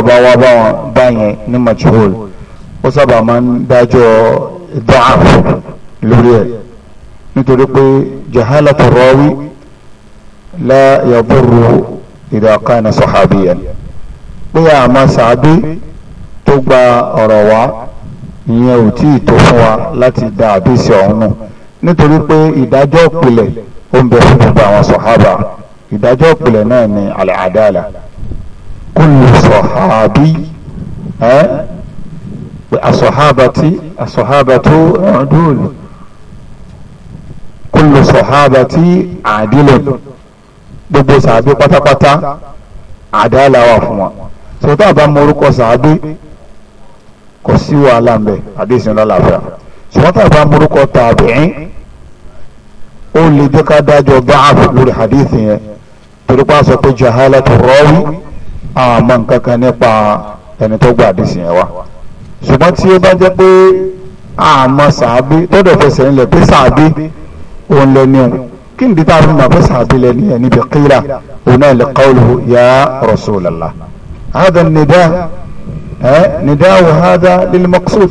ọba wá bá wọn báyẹn ní majhul ó sábà máa ń dájọ́ da'af lórí ẹ̀ nítorí pé jahalatu rawi la yadurru idha kana sahabiyan pé àmọ́ sàábí tó gba ọ̀rọ̀ wá ìyẹn ò tí ì tó fún wa láti da àdìsí ọ̀hún nù nítorí pé ìdájọ́ ìpìlẹ̀ ó ń bẹ fún gbogbo àwọn sàhábà ìdájọ́ ìpìlẹ̀ náà ni al kullu sọ̀hábí ẹ́ asọ̀hábàtí asọ̀hábàtó ọdúnrún kullu sọ̀hábàtí àdílẹ̀ gbogbo sàbí pátápátá àdáláwà fún wa sọ̀tọ́ àbá morúkọ sàbí kò sí wàhálà ń bẹ àdéhùn lọ́láfíà ṣùgbọ́n tàbá morúkọ tàbíìn ó lè jẹ́ ká dájọ́ dáàbò lórí hadith yẹn torípa sọ pé jahalatu rawi àwọn àmọ́ nǹkan kan nípa ẹni tó gba àdìsí yẹn wá ṣùgbọ́n tí ó bá jẹ́ pé àmọ́ sàábí tọ́dọ̀ fẹsẹ̀ ńlẹ̀ pé sàábí òun lẹ́ni òun kí n dídá fún mi sàábí lẹ́ni ẹ̀ níbi kíra òun náà lè qawluhu ya Rasulallah hadha nida nida wa hadha lil maqsud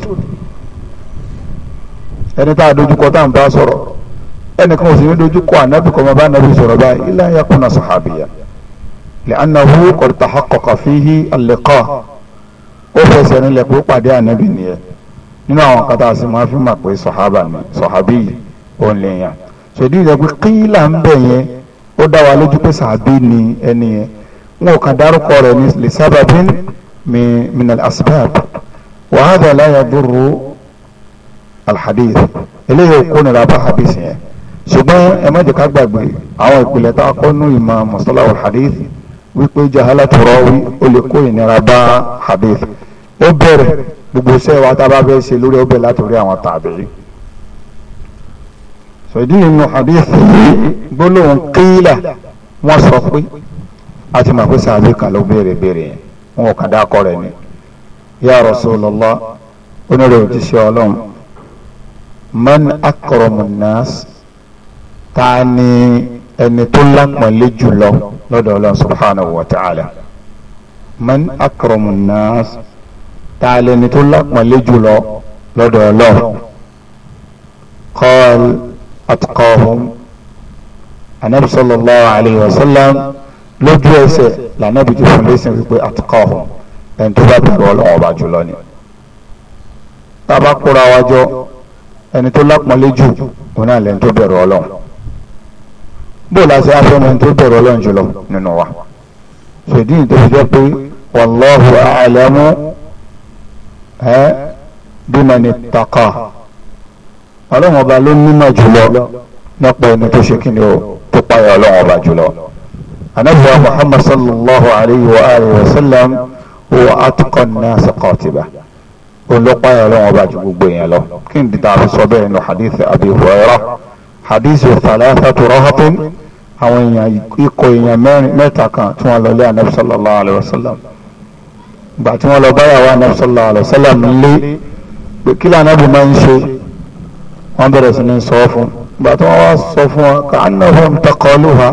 ẹni tá a dojúkọ tá à bá sọ̀rọ̀ ẹnì ò sì ní dojúkọ ànábì ọmọ bá ànábì sọ̀rọ̀ báyìí ilá yakuna sahabiya. لأنه قد تحقق فيه اللقاء ó fẹsẹ̀ nílẹ̀ pé ó pàdé ànábì nìyẹn nínú àwọn kan tá a sì máa fi mà pé sọ̀hábà ni sọ̀hábì yìí òun lè yàn ṣèdí ìjọ pé kíílà ń bẹ̀ yẹn ó dá wa lójú pé sàbí ni ẹni yẹn wọn ò kàn dárúkọ rẹ̀ ní lè sábàbí mi minal asbab wa hadha la yadurru alhadith eléyìí kó nira bá hadith yẹn ṣùgbọ́n ẹ má jẹ́ ká gbàgbé àwọn ìpìlẹ̀ tá a kọ́ nú ìmọ̀ mustala alhadith wípé jahala tọrọ wí ó lè kó ìnira bá hadith ó bẹ̀rẹ̀ gbogbo iṣẹ́ wa tá a bá fẹ́ ṣe lórí ọbẹ̀ látòrí àwọn tàbí. sọ̀dí nínú hadith gbólóhùn kíílà wọ́n sọ pé a ti mọ̀ pé sàbí kan ló béèrè béèrè yẹn wọn ò kàn dá akọ rẹ̀ ni. ya Rasulullah onírè òjíṣẹ́ ọlọ́run man akramun nas ta ni ẹni tó lápọ̀nlé jùlọ lọ́dọ̀ ọlọ́run subhanahu wa ta'ala man akramu nas ta lẹni tó lápọ̀nlé jùlọ lọ́dọ̀ ọlọ́run qal atqahum anabi sallallahu alayhi wa sallam lójú ẹsẹ̀ lànàbí ti fún lẹ́sìn wípé atqahum ẹni tó bá bẹ̀rù ọlọ́run ọba jùlọ ni tá a wájọ ẹni tó lápọ̀nlé jù òun náà tó bẹ̀rù ọlọ́run bó la ṣe afẹ́mọ̀ tó bẹ̀rù ọlọ́run jùlọ nínú wa ṣèdí tó fi jẹ́ pé wallahu a'lamu ẹ́ bimani taqa ọlọ́run ọba ló nímọ̀ jùlọ nípa ẹni tó ṣe kí ni ó tó páyà ọlọ́run ọba jùlọ anabiya muhammad sallallahu alayhi wa alihi wa sallam wa atqa an-nas qatiba òun ju gbogbo èèyàn lọ kí n dìtà àfi bẹ́ẹ̀ nínú hadith abi hurairah hadith thalathatu rahatin àwọn èèyàn ikọ̀ èèyàn mẹ́ta kan tí wọ́n lọ lé anabi sallallahu alayhi wa sallam gbà tí wọ́n lọ báyàwó anabi sallallahu alayhi wa sallam lé pé kí lànàbì máa ń ṣe wọ́n bẹ̀rẹ̀ sí ní sọ fún gbà tí wọ́n wá sọ fún wọn ká annahum taqaluha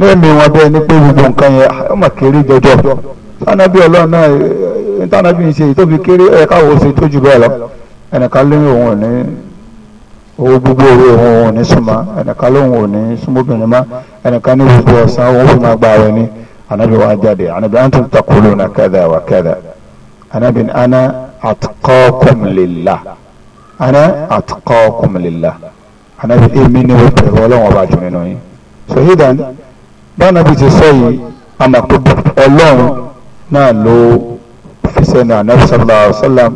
lẹ́ẹ̀mí wọn bẹ́ẹ̀ ní pé gbogbo nǹkan yẹn ó mà kéré jọjọ sanabi ọlọ́run náà ntànàbí ń ṣe ìtóbi kéré ẹ̀ káwọ́ ṣe tó jù bẹ́ẹ̀ lọ ẹnìkan lé owó gbogbo owó òun ò ní súnmọ́ ẹnìkan lóun ò ní súnmọ́bìnrin mọ́ ẹnìkan ní gbogbo ọ̀sán òun fi máa gba àwẹ̀ ni anabi wa jáde anabi antum taquluna kadha wa kadha anabi ana atqakum lillah ana atqakum lillah anabi èmi ni mo bẹ̀rù ọlọ́wọ́n ọba jù nínú yín so hidan báwọn bí ti sọ yìí amakobi ọlọ́run náà ló fi sẹ́nu anabi sallallahu alayhi wa sallam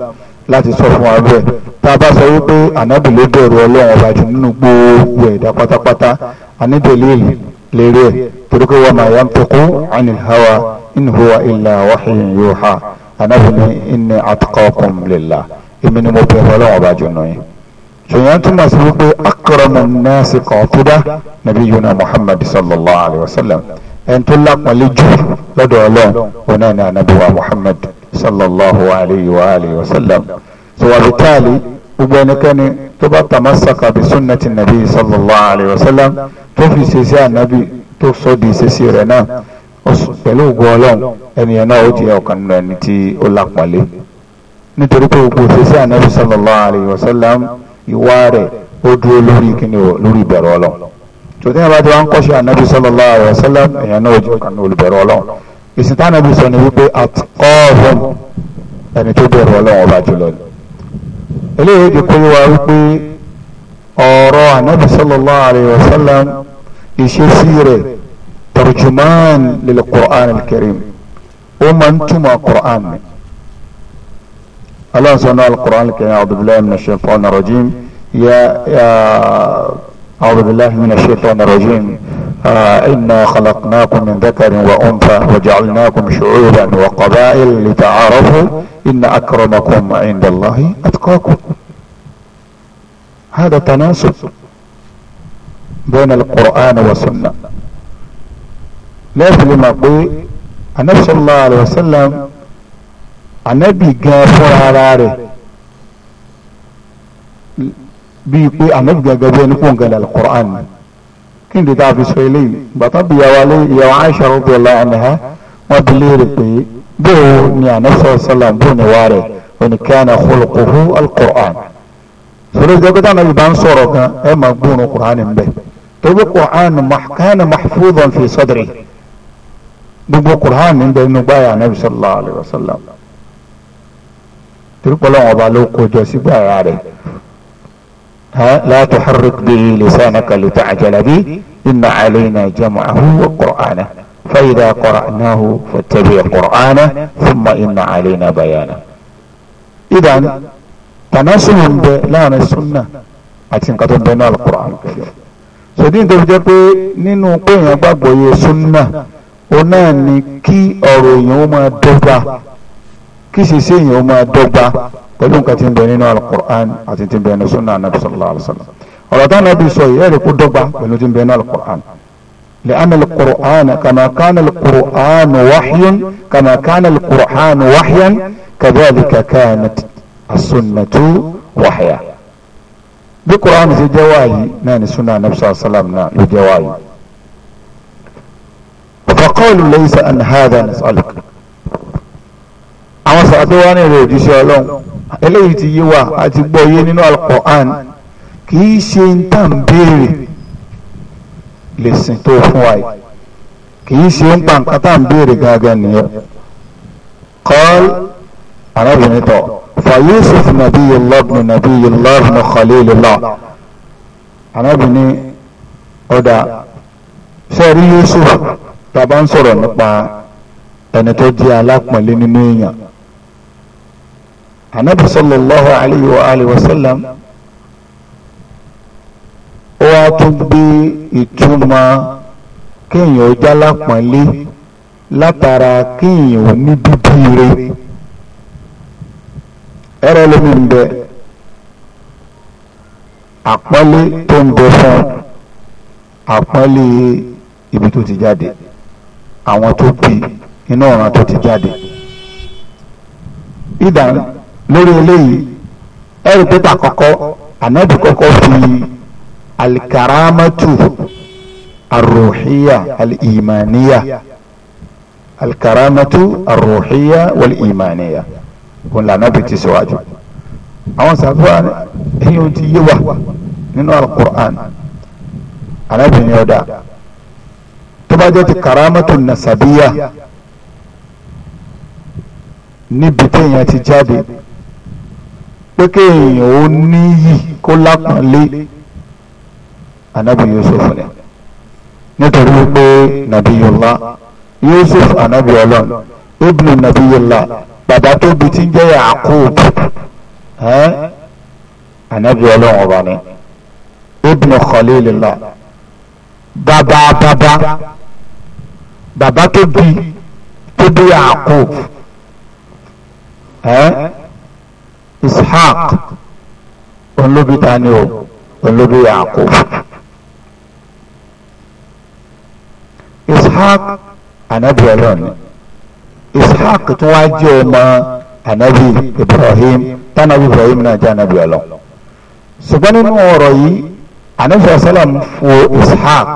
láti sọ fún wa bẹ́ẹ̀ tá a bá sọ wípé ànábì ló bẹ̀rù ọlọ́run ọba jù nínú gbogbo ẹ̀dá pátápátá anídèlè lérí ẹ̀ torí pé wọ́n máa yá ń tẹ̀kú anil hawa in huwa illa wahyun yuha ànábì ní inni atqakum lillah èmi ni mo bẹ̀rù ọlọ́run ọba jù nù yín. ṣèyàn túmọ̀ sí wípé akramun nasi qatuba nabiyuna muhammad sallallahu alayhi wa sallam ẹni tó lápọ̀lẹ́ sallallahu alayhi wa alihi wa sallam so wa bitali gbogbo ẹnikẹ́ni tó bá tamasaka bi sunnati nabi sallallahu alayhi wa sallam tó fi ṣeṣe ànábì tó sọ di ṣeṣe rẹ̀ náà pẹ̀lú ògùn ọlọ́run ẹnìyẹn náà ó jẹ́ ọ̀kan nínú ẹni tí ó lápọ̀nlé nítorí pé gbogbo ṣeṣe ànábì sallallahu alayhi wa sallam ìwà rẹ̀ ó dúró lórí kíni o lórí ìbẹ̀rù ọlọ́run tòtí àbájọ wa ń kọ́ṣe ànábì sallallahu alayhi wa sallam ẹ̀yẹn náà ó jẹ́ ọ̀kan nínú olùbẹ̀rù ọlọ́run ìsìntánà bí sọ ni wípé àtikọ́ọ̀hún ẹni tó bẹ̀rù ọlọ́run ọba jùlọ ni eléyìí di kó wá wípé ọ̀rọ̀ anabi sallallahu alayhi ìṣesí rẹ̀ tarjuman lil qur'an al ó máa ń túmọ̀ qur'an mi alan sọ náà al-qur'an al-karim a'udhu billahi ya ya a'udhu billahi minash shaitanir آه، إنا خلقناكم من ذكر وأنثى وجعلناكم شعوبا وقبائل لتعارفوا إن أكرمكم عند الله أتقاكم هذا تناسب بين القرآن والسنة لكن لما قلت أن نفس الله عليه وسلم النبي قافر على ري بيقول أن نبقى قبل نكون القرآن kí n dìtà fi sọ eléyìí bàtà bí ìyàwó alẹ́ ìyàwó Aisha radiyallahu anha wọ́n bi léèrè pé bóò ni ànásọ̀ sọ́là bóò ni wàá rẹ̀ oníkẹ́ni khuluquhu al-Qur'an sọlá ìjọba tí anabi bá ń sọ̀rọ̀ gan ẹ máa gbóòórùn Qur'an bẹ́ẹ̀ torí Qur'an kana mahfudhan fi sadri gbogbo Qur'an ń bẹ nínú gbáyà anabi sallallahu alayhi wa sallam torí pọ́lọ́wọ́n ọba لا تحرك به لسانك لتعجل به إن علينا جمعه وقرآنه فإذا قرأناه فاتبع قرآنه ثم إن علينا بيانه إذا تناسب لا السنة أتين قد القرآن الكريم sòdín tó fi jẹ́ pé nínú péyàn gbàgbọ́ yẹ súnà òun náà ni kí تدون كاتين tí على القرآن nínú alukur'an àti tí ń bẹ nínú sunna anabi sallallahu نبي صلى الله عليه وسلم بينو تين بينو على القرآن لأن القرآن كما كان القرآن وحيا كما كان القرآن وحيا كذلك كانت السنة وحيا بقرآن زي جواهي ناني سنة النبي صلى الله عليه وسلم لجواهي فقالوا ليس أن هذا نسألك أما سأتواني لو جيشي eléyìí ti yé wa a ti gbọ́ yé nínú alquran kì í ṣe ń tà ń béèrè lẹ̀sìn tó fún wa yìí kì í ṣe ń pa nǹkan tà ń béèrè gángan nìyẹn qal arábìnrin tọ̀ fa yusuf nabiyullah ibn nabiyullah ibn arábìnrin ọ̀dà sẹ́ẹ̀rí yusuf tàbá ń sọ̀rọ̀ nípa ẹni tó jẹ́ alápọ̀nlé nínú èèyàn anabi sallallahu alayhi wa alayhi wa sallam ó wá tún gbé ìtumọ̀ kéèyàn ó jálápọ̀nlé látara kéèyàn ó ní bíbí re ẹrẹ lómi ń bẹ àpọ́nlé tó ń bẹ fún àpọ́nlé ibi tó ti jáde àwọn tó bí inú ọ̀ràn tó ti jáde ìdáná lórí eléyìí ẹ̀rí pépà kọ́kọ́ ànábì kọ́kọ́ fi alikaramatu arruhiya alimaniya alikaramatu arruhiya walimaniya òun là ànábì ti síwájú àwọn sàfihàn ẹ̀yìn ti yé wa nínú alukur'an ànábì ni ọ̀dà tó bá ti karamatu nasabiya níbi téèyàn ti jáde pé kéèyàn ó níyì kó lápọ̀nlé anabi yusuf ni nítorí pé nabiyullah yusuf anabi ọlọ́run ibnu nabiyullah bàbá tóbi tí ń jẹ́ yaakub anabi ọlọ́run ọba ni ibnu khalilillah bàbá bàbá bàbá tóbi tóbi yaakub ishaq olóbi tani o olóbi yaakub ishaq anabi ọlọ́ni ishaq tún wá jẹ́ ọmọ anabi ibrahim tanabi ibrahim náà jẹ́ anabi ọlọ́ni ṣùgbọ́n nínú ọ̀rọ̀ yìí anabi ọ̀sálàm fo ishaq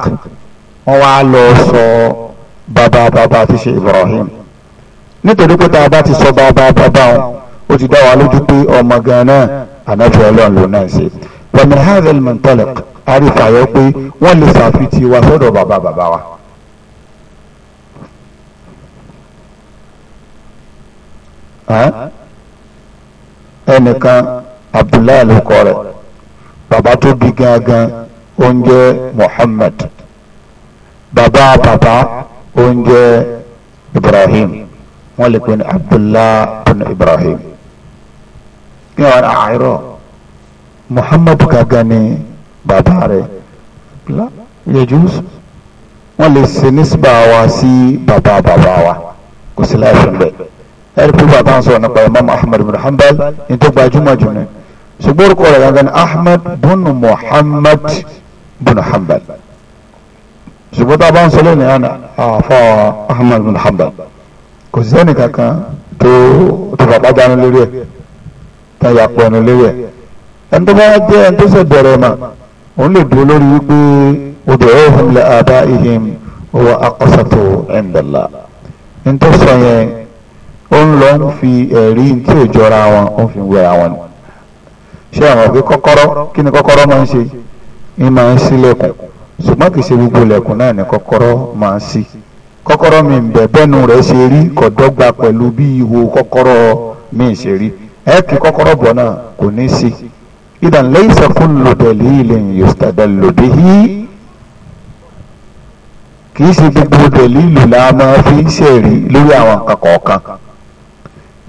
wọ́n wá lọ sọ bàbá bàbá tí ṣe ibrahim nítorí pé tá a bá ti sọ bàbá bàbá wọn ó ti dá wa lójú pé ọmọ gan náà ànábì ọlọ́run ló náà ṣe wọ́n ní hazel mentolic àrífàyọ́ pé wọ́n lè ṣàfitì wa sọ́dọ̀ bàbá bàbá wa. ẹnìkan abdullahi ló kọ bàbá tó bí gangan ó ń bàbá bàbá ó ibrahim wọ́n lè pe ní abdullahi ibrahim kí wọn ra àìrọ muhammadu gangan ni bàbá rẹ yejus wọn lè ṣe nísìbà wa sí bàbá bàbá wa kò sí láìpẹ́ bẹ́ẹ̀ ẹ̀rí pé bàbá ń sọ̀rọ̀ nípa imam ahmed bin hanbal ní tó gbajúmọ̀ jù ní ṣùgbọ́n orúkọ rẹ̀ gangan ni ahmed bin muhammad bin hanbal ṣùgbọ́n tá ń sọ lónìí àná àfa ahmed bin hanbal kò sí ẹnì kankan tó bàbá dáná lórí ẹ̀ kan yàpọ̀ ẹnu léwẹ̀ ẹni tó bá jẹ́ ẹni tó ṣe bẹ̀rẹ̀ mà òun lè dúró lórí wípé odò ọ̀hún lè àbá ihim owó akọ́sàtò ẹ̀ńdàlá ní tó sọ yẹn ó ń lọ ń fi ẹ̀rí tí ò jọra wọn ó fi wẹ̀ àwọn ni ṣé àwọn pé kọ́kọ́rọ́ kí ni kọ́kọ́rọ́ máa ń ṣe ń máa ń ṣílẹ̀kùn ṣùgbọ́n kì í ṣe gbogbo ilẹ̀kùn náà ni kọ́kọ́rọ́ máa ń ṣí kọ́kọ́rọ́ mi ń bẹ̀ bẹ́nu ṣe rí kò dọ́gba bí ihò kọ́kọ́rọ́ mi ṣe rí ẹ kì kọ́kọ́rọ́ bọ̀ náà kò ní sí idan laysa kullu dalilin yustadallu bihi kì í ṣe gbogbo dẹ̀lílù la máa fi ń ṣẹ̀rí lórí àwọn nǹkan kọ̀ọ̀kan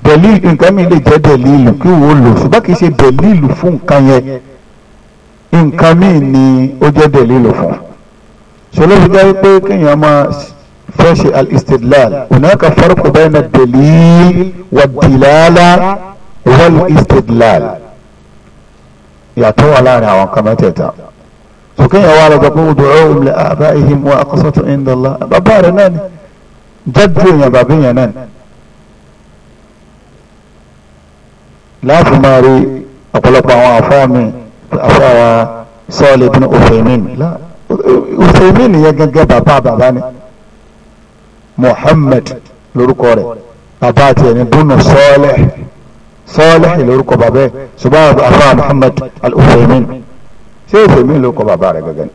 dẹ̀lílù nǹkan mi lè jẹ́ dẹ̀lílù kí wò ó lò ṣùgbọ́n kì í ṣe dẹ̀lílù fún nǹkan yẹn nǹkan míì ni ó jẹ́ dẹ̀lílù fún ṣọlọ́fi jẹ́ pé kéèyàn máa fẹ́ ṣe al-istidlal hunaka farqu bayna ad-dalil wad wọ́lù istidlal yàtọ̀ wà láàrin àwọn kan mẹ́tẹ̀ẹ̀ta sókè yẹn wà lọ́dọ̀ pé ud'uhum li aba'ihim wa aqsatu inda Allah bàbá rẹ̀ náà ni jẹ́jú èèyàn bàbá èèyàn náà ni. láti máa rí ọ̀pọ̀lọpọ̀ àwọn àfáàmì àfáàwà sọ́ọ̀lì bin Uthaymin Uthaymin yẹn gẹ́gẹ́ bàbá bàbá ni Muhammad lórúkọ rẹ̀ bàbá tiẹ̀ ni bùnú sọ́ọ̀lẹ̀ sọ́ọ́lẹ́hìn lórúkọ bàbá ẹ̀ ṣùgbọ́n àfa muhammad al-ufemin ṣé ufemin lórúkọ bàbá rẹ̀ gẹ́gẹ́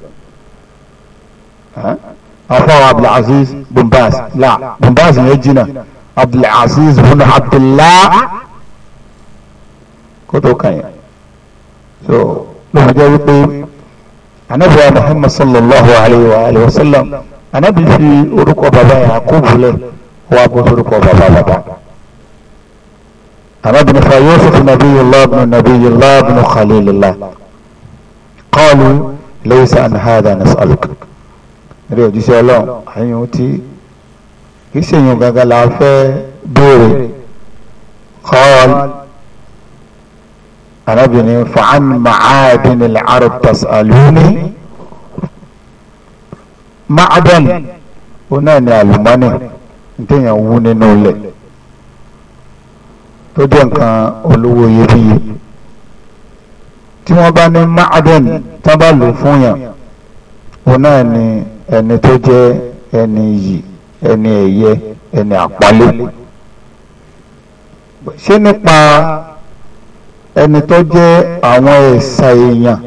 afa abdulaziz bin baz la bin baz yẹn jìnnà abdulaziz bin abdullah kótó kàn yẹn so lóun jẹ́ wípé anabi wa muhammad sallallahu alayhi wa alayhi wa sallam anabi fi orúkọ bàbá yẹn àkóbulẹ̀ wà bó orúkọ bàbá bàbá arábìnrin fa yusuf nabiyullah ibn nabiyullah ibn khalilullah qalu laysa an hadha nas'aluk rẹ òjíṣẹ́ ọlọ́run àyàn tí ìṣèyàn gangan la fẹ́ béèrè kọ́ọ̀lù arábìnrin fa'an ma'adin al-arab tas'aluni ma'adan ó náà ní àlùmọ́nì ní tẹ̀yàn wú nínú ilẹ̀. tó jẹ́ nǹkan olówó iyebíye tí wọ́n bá ní ma'adon tán bá lò fún yàn òun náà ni ẹni tó jẹ́ ẹni eni ẹni ẹ̀yẹ ẹni àpálẹ́ ṣé nípa ẹni tó jẹ́ àwọn ẹ̀sà èèyàn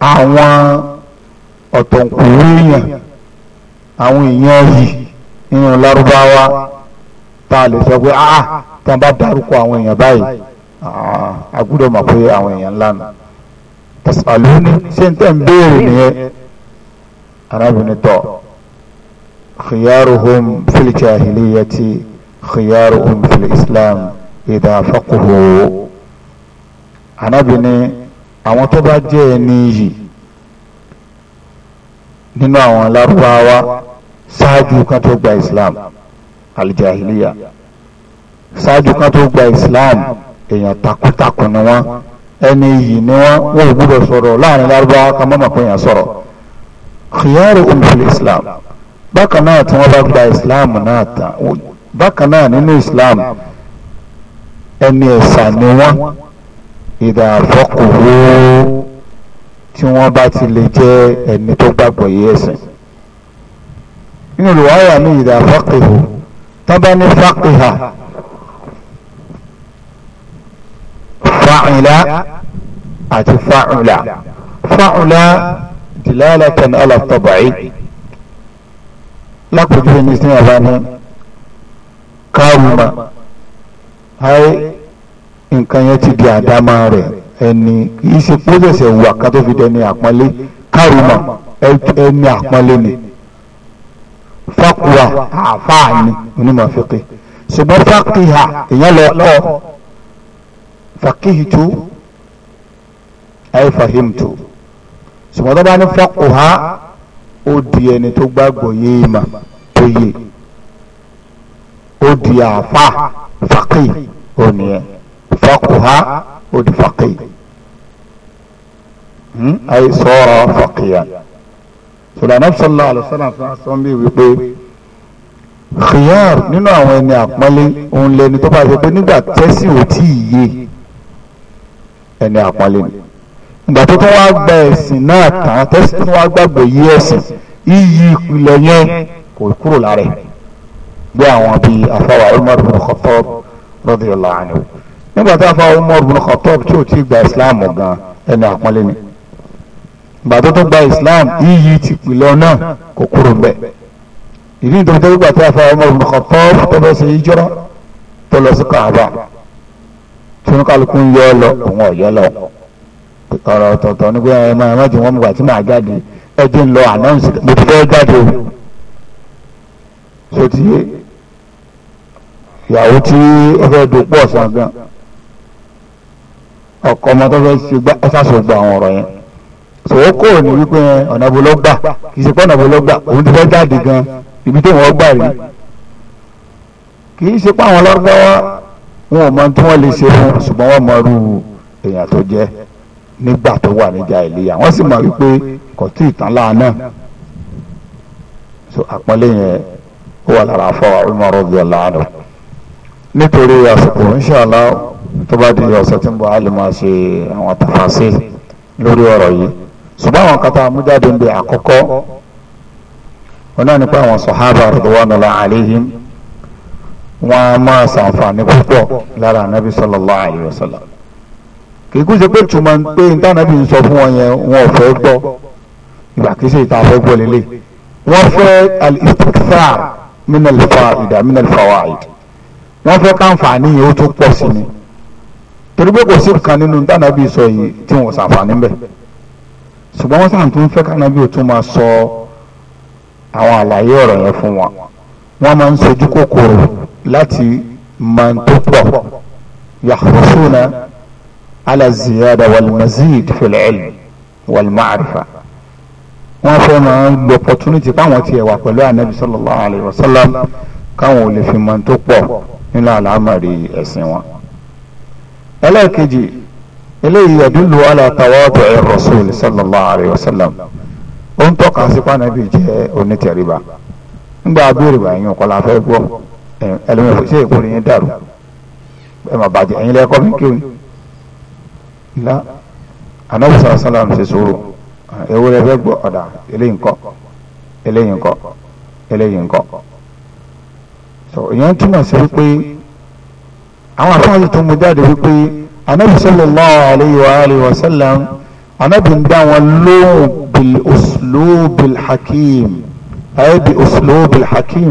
àwọn ọ̀tọ̀nkùnrin èèyàn àwọn èèyàn yìí nínú lárúbáwá. tá a lè sọ pé ah, ah tí wọ́n bá darúkọ àwọn èèyàn báyìí ah, ah, a gbọ́dọ̀ mọ̀ pé àwọn èèyàn ńlá nù tasaluni ṣé n tẹ́ ń béèrè nìyẹn arábìnrin tọ̀ khiyaruhum fil jahiliyati khiyaruhum fil islam idha faquhu arábìnrin àwọn tó bá jẹ́ ẹni yìí nínú àwọn lárúbáwá ṣáájú kan tó gba islam. islam aljahiliya ṣáájú kan tó gba islam èèyàn takuntakun ni wọn ẹni yìí ni wọn wọn ò gbúdọ̀ sọ̀rọ̀ láàrin lárúbáwá kan mọ́mọ́ pé èèyàn sọ̀rọ̀ khiyaru umfil islam bákan náà tí wọ́n bá gba islam náà tán bákan náà nínú islam ẹni ẹ̀sà ni wọ́n ìdá àfọkùnwó tí wọ́n bá ti lè jẹ́ ẹni tó gbàgbọ́ yìí ẹ̀sìn nínú ìwáyà ní ìdá tọ́bá ní fàkìhà fàìlà àti fàìlà fàìlà dìlálàtàn alàtọ̀bàì lápòjúwe ní sí àbá ní kárùmà ayé nǹkan yẹn ti di àdámà rẹ̀ ẹni kì í ṣe pósẹ̀sẹ̀ wà ká tó fi dẹni àpọ́nlé kárùmà ẹni àpọ́nlé ni fakuwa àáfàá ni onímọ̀ fíkì ṣùgbọ́n fakiha èèyàn lọ kọ́ fakihitu ay fahimtu ṣùgbọ́n tó bá ní fakuha ó di ẹni tó gbàgbọ́ yéé mà tó yé ó di àáfàá fakì ó nìyẹn fakuha ó di fakì hmm? ay sọ̀rọ̀ fakiya sọ̀dánà sọ́lá àlùsọ́nà tó ń sọ bí wípé khiyar nínú àwọn ẹni àpọ́nlé òun lẹni tó bá ṣe pé nígbà tẹ́sí ò tí ì yé ẹni àpọ́nlé ni ìgbà tó tún wá gba ẹ̀sìn náà tàn tẹ́sí tó wá gbàgbé yí ẹ̀sìn iyì ìpìlẹ̀ yẹn kò kúrò lára ẹ̀ bí àwọn bíi afáwà Umar bin Khattab radiyallahu anhu nígbà tá a fa Umar bin Khattab tí ò tí ì gba Islam gan ẹni àpọ́nlé ni gbàtọ́ tó gba islam yíyí e ti pìlọ náà kò kúrò mbẹ ìdí nítorí tó gbà tí a fọ ọmọ ọmọ kọtọ tó fẹsẹ yìí jọrọ tó lọ sí káàbà tún kálukú ń yọ ọ lọ òun ọ yọ lọ ọ̀rọ̀ ọ̀tọ̀ọ̀tọ̀ ní pé ẹ máa má jẹ wọn gbà tí màá jáde ẹ jẹ lọ ànáǹsì mo ti fẹ́ jáde o sotí ìyàwó tí ó fẹ́ dopọ̀ sàn gan ọkọ ọmọ tó fẹ́ ṣe gbá ọsàsọgbà àwọn ọ̀rọ̀ yẹn sọ̀rọ̀ kò ní wípé ọ̀nà wo ló gbà kì í ṣe pé ọ̀nà wo ló gbà òun ti fẹ́ jáde gan ibi tí wọ́n gbà rí kì í ṣe pé àwọn lọ́gbọ́wọ́ wọn ò mọ tí wọ́n lè ṣe fún ṣùgbọ́n wọ́n mọ irú èèyàn tó jẹ́ nígbà tó wà níjà ìléyà wọ́n sì mọ̀ wípé kò tí ì tán láàánú so àpọ́nlé yẹn ó wà lára afọ Umar radiyallahu anhu nítorí àsìkò inshallah tó bá di ọ̀sẹ̀ tí ń bọ̀ á lè máa ṣe àwọn tàfàṣe lórí ọ̀rọ̀ yìí ṣùgbọ́n àwọn kan tá a mú jáde ń bẹ àkọ́kọ́ wọn náà nípa àwọn sọ̀hábà radwanullahi alayhim wọn a máa ṣàǹfààní púpọ̀ lára anábì sallallahu alayhi wa sallam kì í kú ṣe pé tùmọ̀ pé ntànàbì ń sọ fún wọn yẹn wọn ò fẹ́ gbọ́ ìgbà kìí ṣe ìta fẹ́ gbọ́ lélẹ̀ wọ́n fẹ́ al-istikthar min al-fa'ida min wọ́n fẹ́ káǹfààní yìí ó tún pọ̀ sí ni torí pé kò sí kan nínú ntànàbì sọ yìí tí wọ́n ṣàǹfààní bẹ́ẹ̀ ṣùgbọ́n wọ́n sàn tún fẹ́ kánábì ò tún máa sọ àwọn àlàyé ọ̀rọ̀ yẹn fún wọn wọ́n máa ń sojú kòkòrò láti máa tó pọ̀ yàtọ̀sọ́nà alaziyada walmazid filẹ̀ẹ́lì walmaarifa wọ́n fẹ́ máa ń lo opportunity káwọn tiẹ̀ wà pẹ̀lú anabi sallallahu alayhi wa sallam káwọn ò lè fi máa tó pọ̀ nínú àlámọ̀rí ẹ̀sìn wọn. ẹlẹ́ẹ̀kejì eléyìí yadullu ala tawadu'i rasul sallallahu alayhi wa sallam ó ń tọ́ka sí pànàbí jẹ́ onítẹ̀ríba ńgbà abéèrè báyìí yín ọ̀kọ́lá fẹ́ gbọ́ ẹlẹ́mìí fún ṣé ìkórè yẹn dàrú ẹ má bàjẹ́ ẹ̀yin lẹ́kọ́ mi kéwì ńlá anáwùsà sálàm ṣe sòrò ewúrẹ́ fẹ́ gbọ́ ọ̀dà eléyìí ńkọ́ eléyìí ńkọ́ eléyìí ńkọ́ anabi sallallahu alayhi wa alayhi wa sallam anabi ń dá wọn lóhùn bil uslubil hakim ayé bi uslubil hakim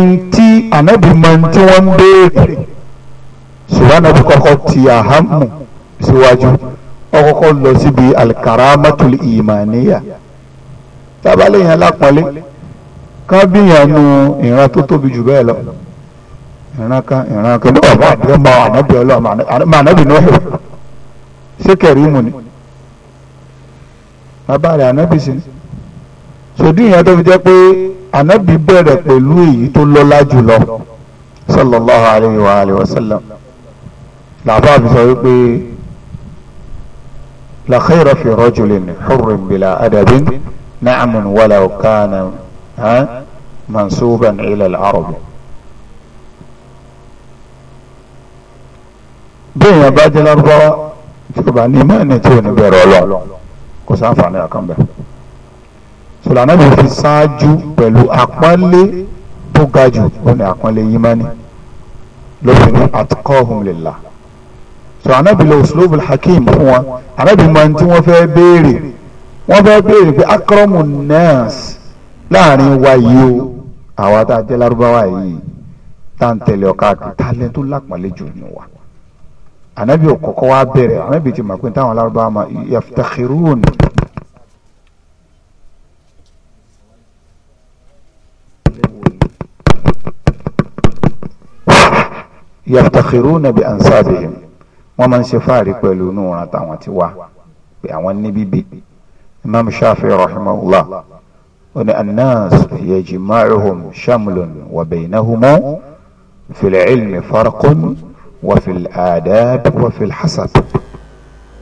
ntí anabi máa ń tí wọ́n ń béèrè ṣùgbọ́n anabi kọ́kọ́ ti àhámù síwájú ọkọ́kọ́ lọ síbi alikaramatul imaniya tábàlẹ̀ yẹn lápọ̀lé ká ìran tó tóbi jù bẹ́ẹ̀ lọ ìran kan ìran kan ló wà fún àbúrò mọ ànábì ọlọ́mọ ànábì nóhù ṣé kẹrìmù ni bàbá rẹ̀ ànábì sí ni sòdí ìyẹn tó fi jẹ́ pé ànábì bẹ̀rẹ̀ pẹ̀lú èyí tó lọ́lá jùlọ sallallahu alayhi wa alayhi wa sallam làbá mi sọ wípé la khayra fi rajulin hurrin bila adabin na'amun walaw kana mansuban ila al bẹ́ẹ̀ yẹn bá jẹ́ lárúbáwá tí o bá ní mẹ́rin tí o ní bẹ̀rẹ̀ ọlọ́ kò sáǹfààní àkànbẹ̀. sùlànà mi fi ṣáájú pẹ̀lú àpọ́nlé tó ga jù ó ní àpọ́nlé yimani lófin ní atqahum lillah. sọ anábì lọ uslubul hakim fún wọn anábì máa ń tí wọ́n fẹ́ béèrè wọ́n fẹ́ béèrè pé akramu nas láàrin wa yìí o àwa tá a jẹ́ lárúbáwá yìí tá à ń tẹ̀lé ọ̀ka àti tálẹ́ tó lápọ̀nlé jù ní wa anabi òkòkò wa bẹ̀rẹ̀ anabi ti mọ̀ pé táwọn alárúbáwá ma yaftakhirun yaftakhiruna bi ansabihim wọ́n máa ń ṣe fáàrí pẹ̀lú inú wọn táwọn ti wá pé àwọn ní bíbí imam shafi rahimahullah ó ní annas yajimacuhum shamlun wa baynahuma fil ilmi farqun. وفي الآداب وفي الحسب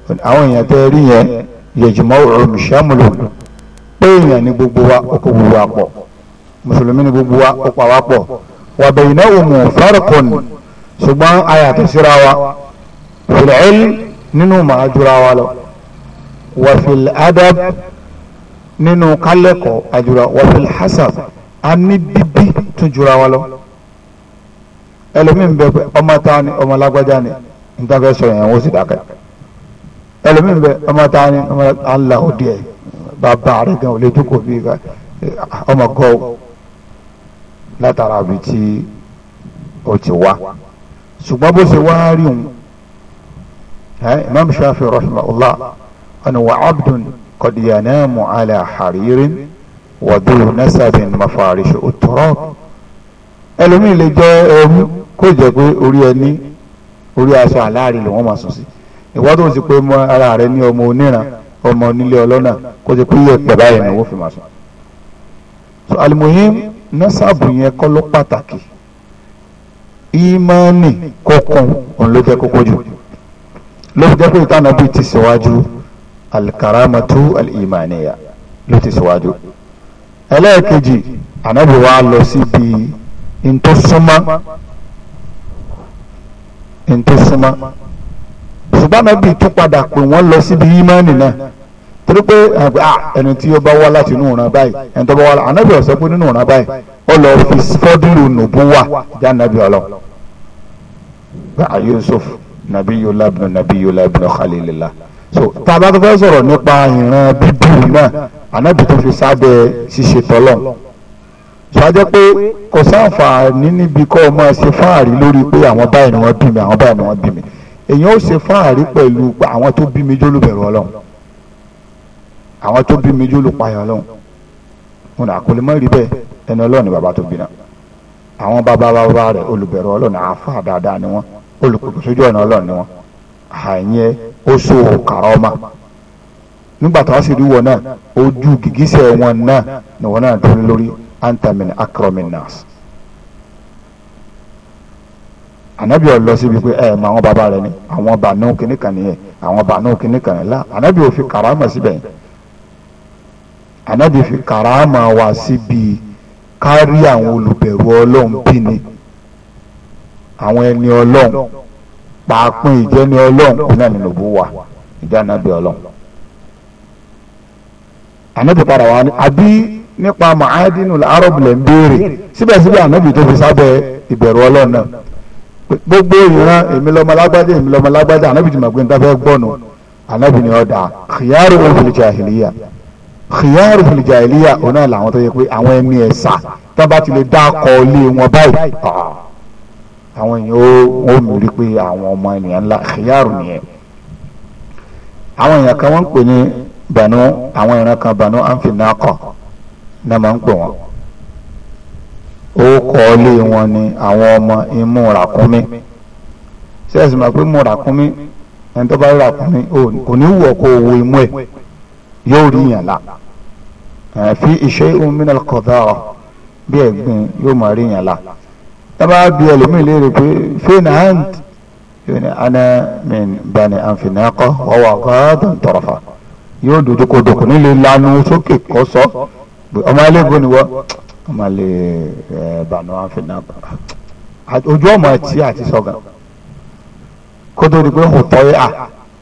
فالأوان يتاريا يجمعوا مشامل بين يعني ببواء وكبواء مسلمين ببواء وكبواء وبينهم فرق سبحان آيات سراوة في العلم ننو ما أجراوا وفي الأدب ننو قلقوا أجراوا وفي الحسب أني ببي تجراوا ẹlòmíín bẹ ọmọ tán ni ọmọ lágbájá ni nǹkan fẹ́ sọ yẹn wọ́n sì dákẹ́ ẹlòmíín bẹ ọmọ tán ni ọmọ àlà òdì ẹ̀ bàbá rẹ̀ gan ò lè jókòó bí ọmọ gọ́ọ̀ látara bi tí ó ti wá ṣùgbọ́n bó ṣe wá rí òun imam shafi rahimahullah ọ̀nà wa abdun kọ̀dìyànàmù ala haririn wàdúró nasabin mafarishu uturab ẹlòmíín lè jẹ́ ẹrú kó jẹ́ pé orí ẹni orí aṣọ àláàrí lòun máa sùn sí ìwọ tó ń sì pé mọ ara rẹ ní ọmọ oníran ọmọ onílé ọlọ́nà kó jẹ́ pé yẹ pẹ̀ báyìí ni wọ́n fi máa sùn. so alimoyim nasabu yẹn kọ́ ló pàtàkì ìmọ̀ọ́nì kọ̀ọ̀kan òun ló jẹ́ kókó jù ló jẹ́ pé ìtànà bíi ti síwájú alikaramatu alimaniya ló ti síwájú ẹlẹ́ẹ̀kejì ànábì wa lọ síbi ntọ́sọ́mọ́ ntó súnmọ́ ṣùgbọ́n àbí tún padà pè wọ́n lọ síbi ìmánì náà torí pé ẹni tí ó bá wá láti inú ìran báyìí ẹni tó bá wá láti ànábì ọ̀sẹ̀ pé nínú ìran báyìí ó lọ fi fọ́dúrù nùbúwà já nàbí ọlọ. Yusuf nàbí yola bínú nàbí yola bínú khalilillah so tá a bá tó fẹ́ sọ̀rọ̀ nípa ìran bíbí náà ànábì tó fi sábẹ́ ṣíṣe tọ́lọ́ sọjẹ́ pé kò sáǹfààní níbi kọ́ máa ṣe fáàrí lórí pé àwọn báyìí ni wọ́n bí mi àwọn báyìí ni wọ́n bí mi èyàn ó ṣe fáàrí pẹ̀lú àwọn tó bí mi jólùbẹ̀rù ọlọ́run àwọn tó bí mi jólùpayọ̀ ọlọ́run mo nà kò lè mọ̀ rí bẹ́ẹ̀ ẹni ọlọ́run ni bàbá tó bí náà àwọn bàbá bàbá rẹ̀ olùbẹ̀rù ọlọ́run àáfà dáadáa ni wọ́n olùpèpè sójú ọ̀nà ọlọ́run ni wọ́n àyẹn ó anta min akramin nas anabi ọ lọ síbi pé ẹ mọ àwọn bàbá rẹ ni àwọn bàánú kìnnì kan nìyẹn àwọn bàánú kìnnì kan nìyẹn la anabi ò fi karama síbẹ̀ yẹn anabi fi karama wá síbi kárí àwọn olùbẹ̀rù ọlọ́run bí ni àwọn ẹni ọlọ́run pàápín ìjẹni ọlọ́run kù náà nínú bó wà ìjẹ anabi ọlọ́run anabi padà wá ní àbí nípa mahadinu arab lè ń béèrè síbẹ̀síbẹ̀ ànábì tó fi sábẹ́ ìbẹ̀rù ọlọ́run náà gbogbo ìran èmi lọ́mọ lágbájá èmi lọ́mọ lágbájá ànábì tí màgbé níta fẹ́ gbọ́nu ànábì ni ọ̀dà khiyaru fil jahiliya khiyaru fil jahiliya òun náà làwọn tó yẹ pé àwọn ẹni ẹ̀sà tá bá ti lè dá akọ ilé wọn báyìí àwọn èèyàn ó ó mórí pé àwọn ọmọ ènìyàn ńlá náà máa ń pè wọ́n ó kọ́ọ́lé wọn ni àwọn ọmọ imú ràkúnmí sẹ́ẹ̀sì máa pé mú ràkúnmí ẹni tó bá rí ràkúnmí kò ní wọ̀ kó wo imú ẹ̀ yóò rí yàn la fi shay'un min al-qadara bí ẹ̀gbìn yóò máa rí yàn la tábà bí ẹlòmíì léèrè pé fẹ́ẹ̀nà hand yóò ní ana min bani anfinaqa wa huwa ghaadun tarafa yóò dúdú kodò kò ní lè sókè kó ọmọ ilé ìbò ni wọ́ ọmọ ilé eh, bànú àfẹnà ojú ọmọ ẹtì àti sọgà kó tó pé kò tọ́ yà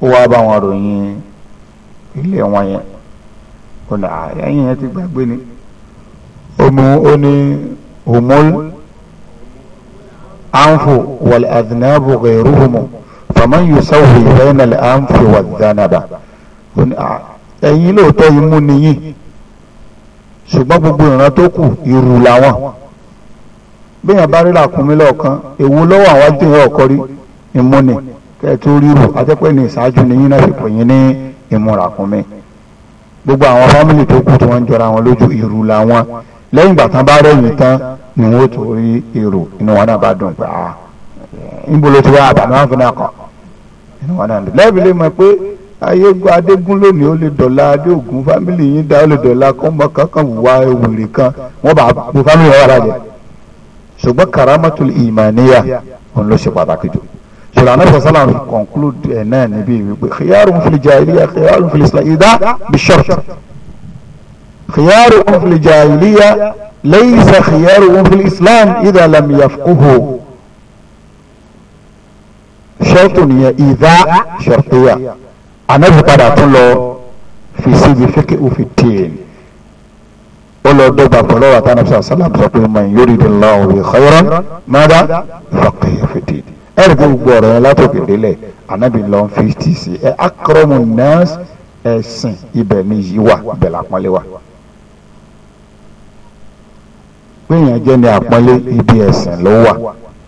ó wá bá wọn ròyìn ilé wọn yẹn ó nà ẹ̀yìn yẹn ti gbàgbé ni omi ó ní humul anfu wal adhnabu ghayruhum faman yusawwi bayna al anfi wal dhanaba ẹ̀yìn lóòótọ́ yìí mú niyìn. ṣùgbọ́n gbogbo ìran tó kù ìrù làwọn bẹ́ẹ̀ bá rí làkúnmí lọ́ọ̀kan èwo lọ́wọ́ àwọn ajé ìyá ọ̀kọ́ ìmúni kẹ́ẹ̀tì ríru àtẹ́pẹ́ ní ìṣáájú ní yín ní gbogbo àwọn fámìlì tó kù tí wọ́n ń jọra wọn lójú ìrù làwọn lẹ́yìn ìgbà tán bá rẹ̀yìn tán ni wọ́n tó rí èrò inú wọn náà bá dùn pé ah ti wá ayégun adégún lónìí ó lè dọ̀la adéògùn fámìlì yín dá ó lè dọ̀la kọ́mọ kankan wà wèrè kan wọ́n bá bu fámìlì wọn wàrà jẹ ṣùgbọ́n karamatul ìmàníyà òun ló ṣe pàtàkì jù ṣùgbọ́n anáfẹ́ sálàm fi conclude ẹ̀ náà níbí wípé khiyarun fil jahiliya khiyarun fil islam ìdá bí ṣọ́ọ̀ṣì khiyarun fil jahiliya laysa khiyarun fil islam ìdá lam yafquhu ṣọ́ọ̀tù nìyẹn ìdá ṣọ́ọ̀tìyà anabi padà tún lọ fi síbi fíkì òfin tìǹ ó lọ dọ́gba pẹ̀lú ọ̀rọ̀ àtàwọn ọ̀sán sálàmù sọ pé man yuridillahu bihi khayran mada faqihu fi din ẹ̀rì tó gbogbo ọ̀rọ̀ yẹn látòkè délẹ̀ anabi lọ fi tì sí ẹ akramu nas ẹ̀sìn ibẹ̀ ni yìí wà ibẹ̀ làpọ́nlé wà gbìyànjẹ́ ni àpọ́nlé ibi ẹ̀sìn ló wà.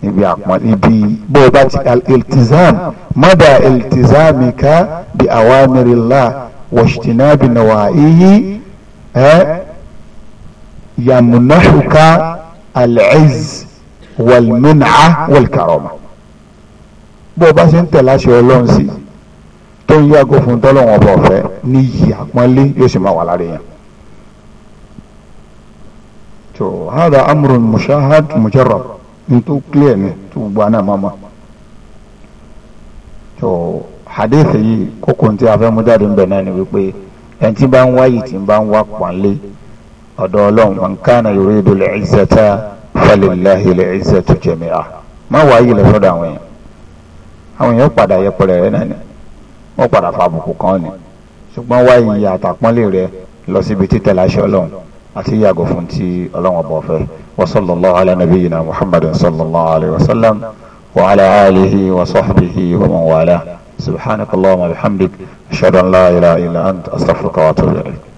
ibi àpọ́n ibi bó bá ti al-iltizam mada iltizamika bi awamirillah wajtinabi nawahihi yamnahuka al-izz wal-min'a wal-karama bó bá ṣe ń tẹ̀lé àṣẹ ọlọ́run sí tó ń yàgò fún tọ́lọ́wọ́n ọba ọ̀fẹ́ ní iyì àpọ́nlé yóò sì ma wà lára yẹn. tó hada amrun mushahad mujarrab. ní clear ni tó gbogbo àná mama tó hadith yìí kókó koko a fẹ́ náà ni wípé ẹni bá ń wá yìí tí bá ń wá pọ̀nlé ọ̀dọ̀ ọlọ́run man kana yuridu al-izzata falillahi al-izzatu jami'a má wá yìí lọ sọ́dọ̀ àwọn èèyàn àwọn padà yẹpẹrẹ ni padà fa àbùkù kan ni ṣùgbọ́n wá yìí rẹ lọ síbi títẹ̀ ti ọlọ́run ọ̀bọ̀ وصلى الله على نبينا محمد صلى الله عليه وسلم وعلى آله وصحبه ومن والاه سبحانك اللهم وبحمدك أشهد أن لا إله إلا أنت أستغفرك وأتوب إليك